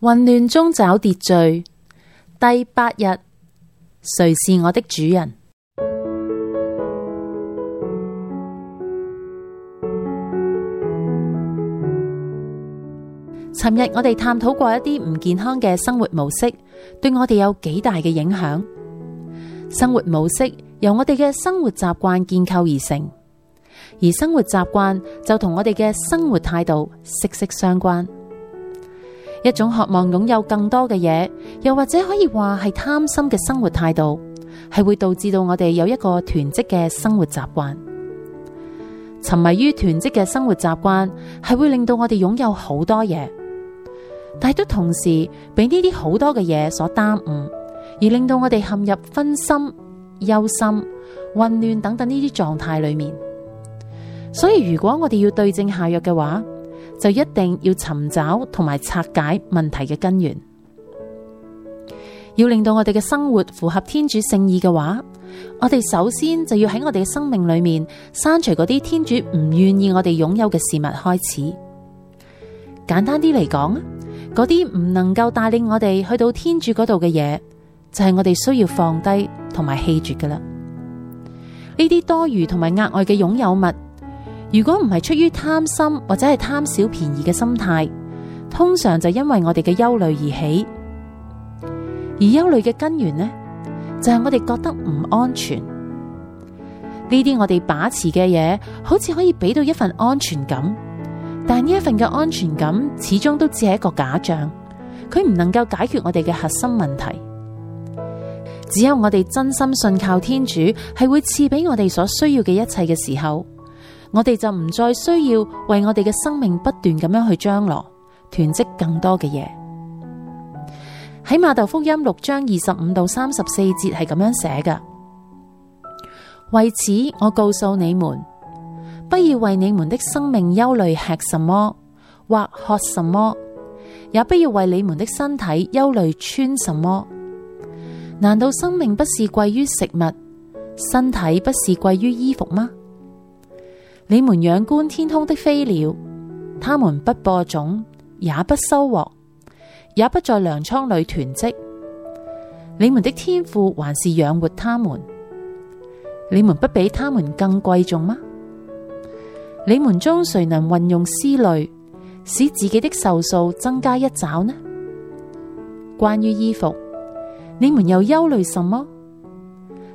混亂中找秩序。第八日，誰是我的主人？尋日我哋探討過一啲唔健康嘅生活模式，對我哋有幾大嘅影響。生活模式由我哋嘅生活習慣建構而成，而生活習慣就同我哋嘅生活態度息息相關。一種渴望擁有更多嘅嘢，又或者可以話係貪心嘅生活態度，係會導致到我哋有一個囤積嘅生活習慣。沉迷於囤積嘅生活習慣，係會令到我哋擁有好多嘢，但係都同時俾呢啲好多嘅嘢所耽誤，而令到我哋陷入分心、憂心、混亂等等呢啲狀態裏面。所以如果我哋要對症下藥嘅話，就一定要尋找同埋拆解問題嘅根源，要令到我哋嘅生活符合天主聖意嘅話，我哋首先就要喺我哋嘅生命裏面刪除嗰啲天主唔願意我哋擁有嘅事物開始。簡單啲嚟講，嗰啲唔能夠帶領我哋去到天主嗰度嘅嘢，就係我哋需要放低同埋棄絕噶啦。呢啲多餘同埋額外嘅擁有物。如果唔係出於貪心或者係貪小便宜嘅心態，通常就因為我哋嘅憂慮而起。而憂慮嘅根源呢，就係我哋覺得唔安全。呢啲我哋把持嘅嘢，好似可以俾到一份安全感，但呢一份嘅安全感始終都只係一個假象，佢唔能夠解決我哋嘅核心問題。只有我哋真心信靠天主，係會賜俾我哋所需要嘅一切嘅時候。我哋就唔再需要為我哋嘅生命不斷咁樣去張羅，囤積更多嘅嘢。喺《馬竇福音》六章二十五到三十四節係咁樣寫㗎：「為此我告訴你們，不要為你們的生命憂慮，吃什麼或喝什麼；也不要為你們的身體憂慮穿什麼。難道生命不是貴於食物，身體不是貴於衣服嗎？你們仰觀天空的飛鳥，他們不播種，也不收穫，也不在糧倉裏囤積。你們的天父還是養活他們，你們不比他們更貴重嗎？你們中誰能運用思慮，使自己的壽數增加一肘呢？關於衣服，你們又憂慮什麼？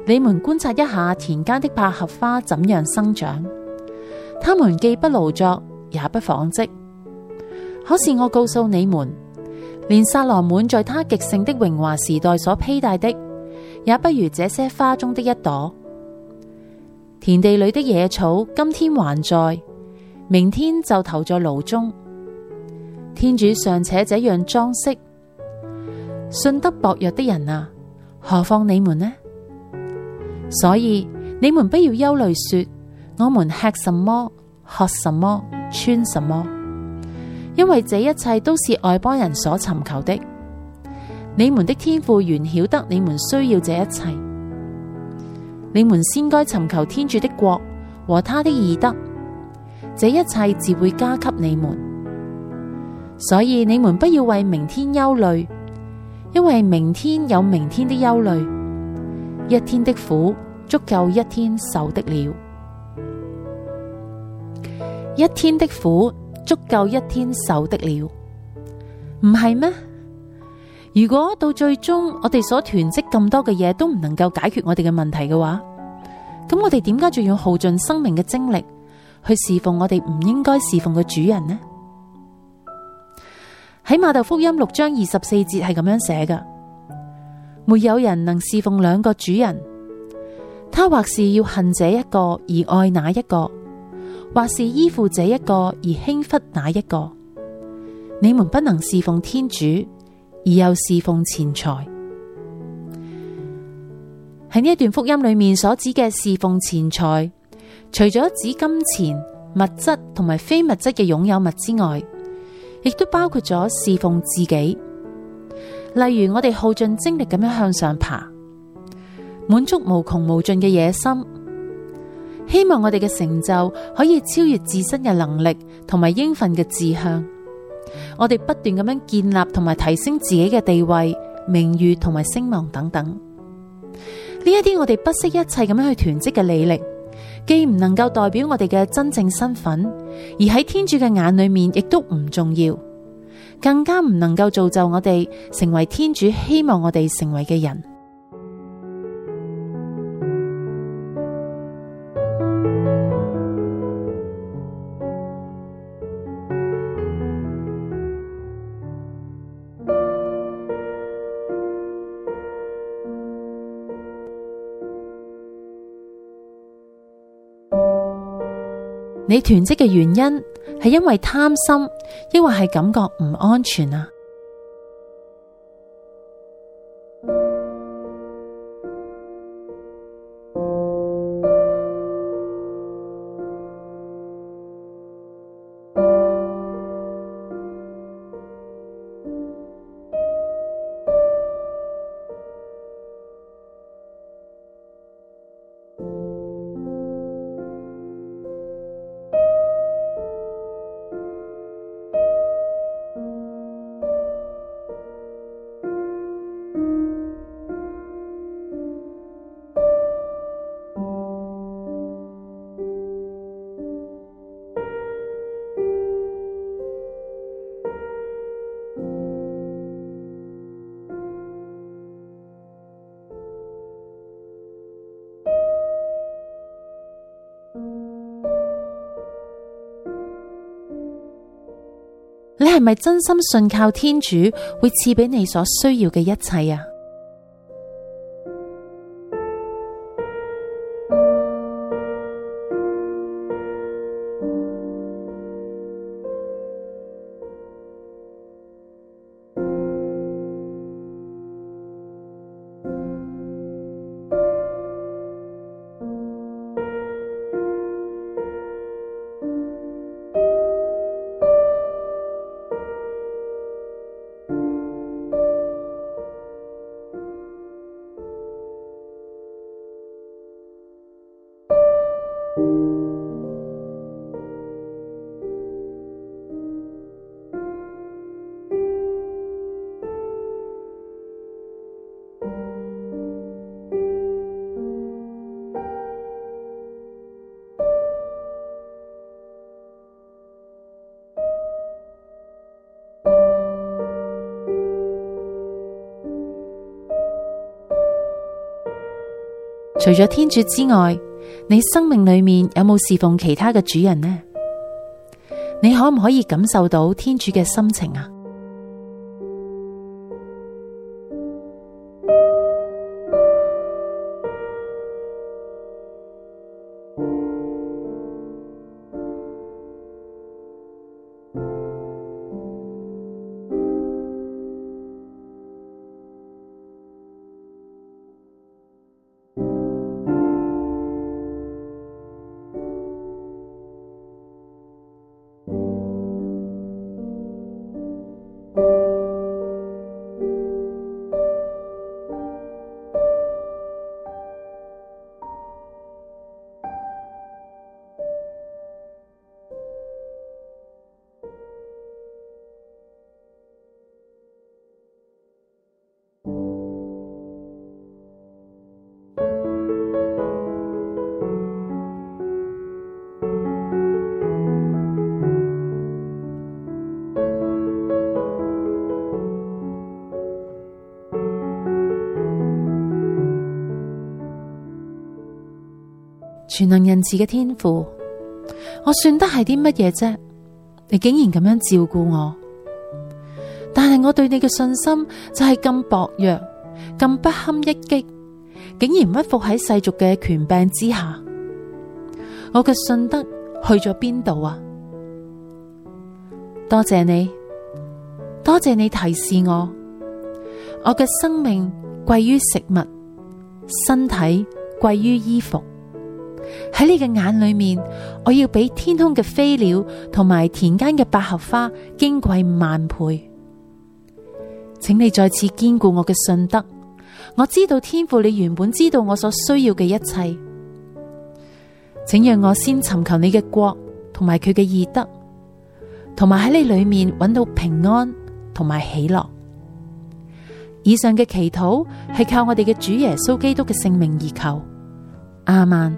你們觀察一下田間的百合花怎樣生長。他們既不勞作，也不紡織。可是我告訴你們，連撒羅滿在他極盛的榮華時代所披戴的，也不如這些花中的一朵。田地裏的野草，今天還在，明天就投在爐中。天主尚且這樣裝飾，信德薄弱的人啊，何況你們呢？所以你們不要憂慮，說。我們吃什麼、喝什麼、穿什麼，因為這一切都是外邦人所尋求的。你們的天父原曉得你們需要這一切，你們先該尋求天主的國和他的義德，這一切自會加給你們。所以你們不要為明天憂慮，因為明天有明天的憂慮，一天的苦足夠一天受的了。一天的苦足夠一天受的了，唔係咩？如果到最終我哋所囤積咁多嘅嘢都唔能夠解決我哋嘅問題嘅話，咁我哋點解仲要耗盡生命嘅精力去侍奉我哋唔應該侍奉嘅主人呢？喺馬竇福音六章二十四節係咁樣寫嘅：「沒有人能侍奉兩個主人，他或是要恨這一個而愛那一個。或是依附這一個而輕忽那一個，你們不能侍奉天主而又侍奉錢財。喺呢一段福音裏面所指嘅侍奉錢財，除咗指金錢、物質同埋非物質嘅擁有物之外，亦都包括咗侍奉自己。例如我哋耗盡精力咁樣向上爬，滿足無窮無盡嘅野心。希望我哋嘅成就可以超越自身嘅能力同埋應份嘅志向，我哋不斷咁樣建立同埋提升自己嘅地位、名譽同埋聲望等等。呢一啲我哋不惜一切咁樣去囤積嘅履歷，既唔能夠代表我哋嘅真正身份，而喺天主嘅眼裏面亦都唔重要，更加唔能夠造就我哋成為天主希望我哋成為嘅人。你囤積嘅原因係因為貪心，抑或係感覺唔安全啊？你係咪真心信靠天主，會賜俾你所需要嘅一切啊？除咗天主之外，你生命裏面有冇事奉其他嘅主人呢？你可唔可以感受到天主嘅心情啊？全能仁慈嘅天父，我算得係啲乜嘢啫？你竟然咁樣照顧我，但係我對你嘅信心就係咁薄弱，咁不堪一擊，竟然屈服喺世俗嘅權柄之下。我嘅信德去咗邊度啊？多謝你，多謝你提示我，我嘅生命貴於食物，身體貴於衣服。喺你嘅眼裏面，我要比天空嘅飛鳥同埋田間嘅百合花矜貴萬倍。請你再次堅固我嘅信德。我知道天父，你原本知道我所需要嘅一切，請讓我先尋求你嘅國同埋佢嘅義德，同埋喺你裏面揾到平安同埋喜樂。以上嘅祈禱係靠我哋嘅主耶穌基督嘅聖名而求。亞孟。